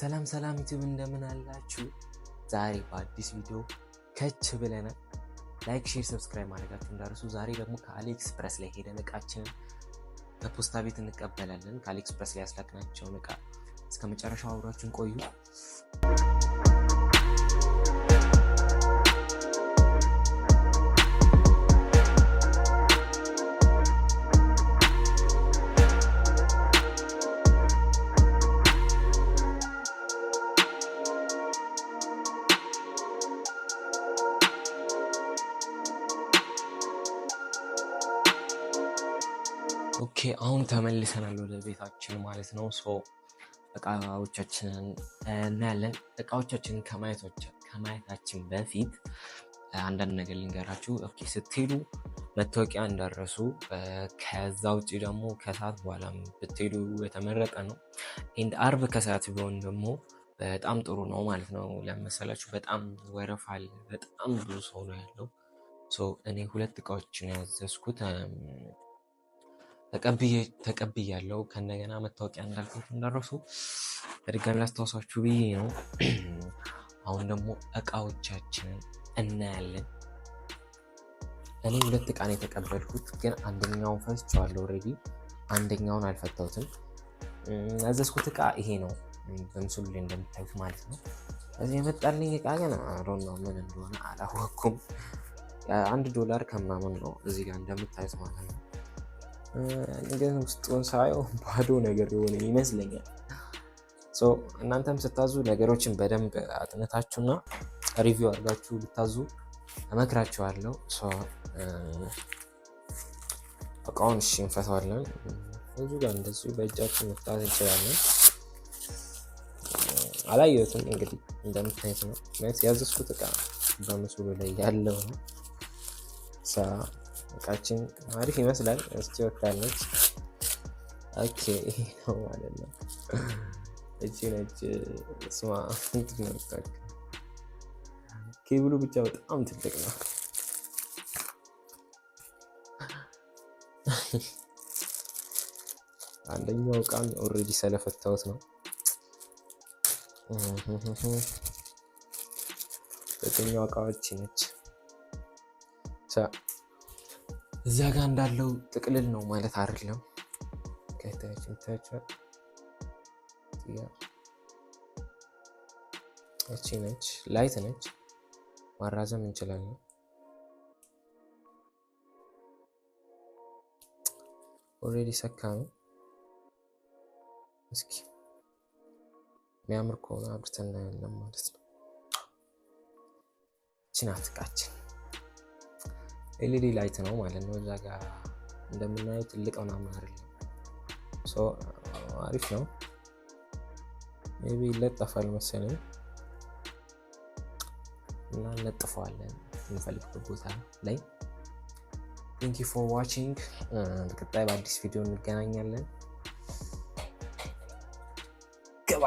ሰላም ሰላም ዩቲብ እንደምን አላችሁ? ዛሬ በአዲስ ቪዲዮ ከች ብለናል። ላይክ፣ ሼር፣ ሰብስክራይብ ማድረጋችሁ እንዳርሱ ዛሬ ደግሞ ከአሊኤክስፕረስ ላይ ሄደን እቃችንን በፖስታ ቤት እንቀበላለን። ከአሊኤክስፕረስ ላይ ያስላክናቸውን እቃ እስከ መጨረሻው አብራችሁን ቆዩ። ኦኬ አሁን ተመልሰናል ወደ ቤታችን ማለት ነው። ሶ እቃዎቻችንን እናያለን። እቃዎቻችንን ከማየታችን በፊት አንዳንድ ነገር ልንገራችሁ። ስትሄዱ መታወቂያ እንዳረሱ። ከዛ ውጭ ደግሞ ከሰዓት በኋላ ብትሄዱ የተመረጠ ነው። ንድ አርብ ከሰዓት ቢሆን ደግሞ በጣም ጥሩ ነው ማለት ነው። ለመሰላችሁ በጣም ወረፋል በጣም ብዙ ሰው ነው ያለው። እኔ ሁለት እቃዎችን ያዘዝኩት ያለው ከእንደገና መታወቂያ እንዳልኳችሁ እንደረሱ በድጋሚ ላስታወሳችሁ ብዬ ነው። አሁን ደግሞ እቃዎቻችንን እናያለን። እኔ ሁለት እቃ የተቀበልኩት፣ ግን አንደኛውን ፈትቼዋለሁ። ረዲ አንደኛውን አልፈታሁትም። ያዘዝኩት እቃ ይሄ ነው፣ በምስሉ ላይ እንደምታዩት ማለት ነው። እዚህ የመጣልኝ እቃ ግን ሮና ምን እንደሆነ አላወኩም። አንድ ዶላር ከምናምን ነው እዚህ ጋር እንደምታዩት ማለት ነው። ነገር ውስጡን ሳየው ባዶ ነገር የሆነ ይመስለኛል። እናንተም ስታዙ ነገሮችን በደንብ አጥነታችሁና ሪቪው አድርጋችሁ ብታዙ እመክራችኋለሁ። እቃውን እሺ እንፈታዋለን። ብዙ ጋር እንደዚሁ በእጃችን መፍታት እንችላለን። አላየሁትም እንግዲህ እንደምታየት ነው ያዘዝኩት እቃ በምስሉ ላይ ያለው ነው። እቃችን አሪፍ ይመስላል። እስቲ ወካለች። ማለት ነው። እቺ ነች ስማ ኬብሉ ብቻ በጣም ትልቅ ነው። አንደኛው እቃን ኦልሬዲ ሰለፈታውት ነው። ሁለተኛው እቃዎች ነች። እዚያ ጋር እንዳለው ጥቅልል ነው ማለት አይደለም። እቺ ነች፣ ላይት ነች። ማራዘም እንችላለን። ኦልሬዲ ሰካ ነው። እስኪ የሚያምር ከሆነ አብርተን እናያለን ማለት ነው። እቺ ናት እቃችን። ኤልኢዲ ላይት ነው ማለት ነው። እዛ ጋር እንደምናየው ትልቅ ምናምን አይደለም፣ አሪፍ ነው። ቢ ይለጠፋል መሰለኝ እና እንለጥፈዋለን የምንፈልግበት ቦታ ላይ። ንኪ ፎር ዋችንግ በቀጣይ በአዲስ ቪዲዮ እንገናኛለን። ግባ